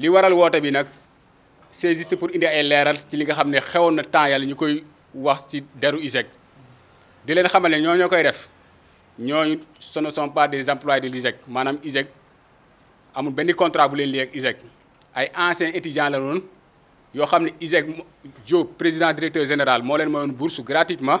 li waral woote bi nag c'est juste pour indi ay leeral ci li nga xam ne xewoon na temps yàlla ñu koy wax ci deru isek di leen xamal ne ñoo ñoo koy def ñooñu ce ne sont pas des employés de lisek maanaam ISEG amul benn contrat bu leen lii ak ISEG ay anciens étudiants la woon yoo xam ne ISEG Diop président directeur général moo leen mayoon bourse gratuitement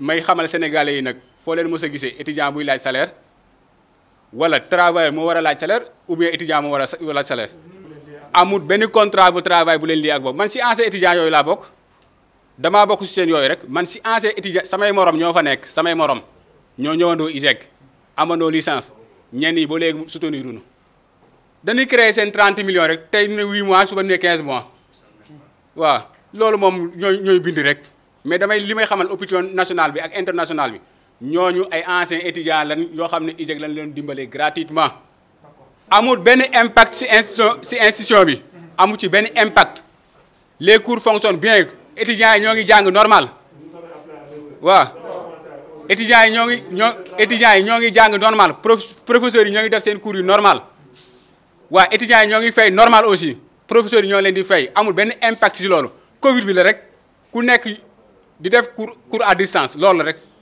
may xamal sénégalais yi nag foo leen mos gise gisee étudiant buy laaj salaire wala travailleur moo war a laaj salaire ou bien étudiant moo war a laaj salaire. amul benn contrat bu travail bu leen lii ak boobu man si ancien étudiant yooyu laa bokk damaa bokk si seen yooyu rek man si ancien étudiant samay moroom ñoo fa nekk samay morom ñoo ñëwandoo ISEG amandoo licence ñenn yi ba léegi soutenir ñu dañuy créer seen 30 million rek tey ne 8 mois suba ne 15 mois waaw loolu moom ñooy ñooy bind rek. mais damay limay xamal opinion nationale bi ak internationale bi ñooñu ay anciens étudiants lañ yo xamné ne lañ leen dimbalé gratuitement amul ben impact ci institution ci institution bi amul ci ben impact les cours fonctionnent bien étudiants yi ñoo ngi jàng normal wa étudiants yi ñoo ngi ñoo étudiants ñoo ngi jàng normal professeurs yi ñoo ngi def seen cours yu normal wa étudiants yi ñoo ngi fay normal aussi professeurs yi ñoo leen di fay amul ben impact ci lolu Covid bi la rek ku nekk di def cours cours à distance loolu rek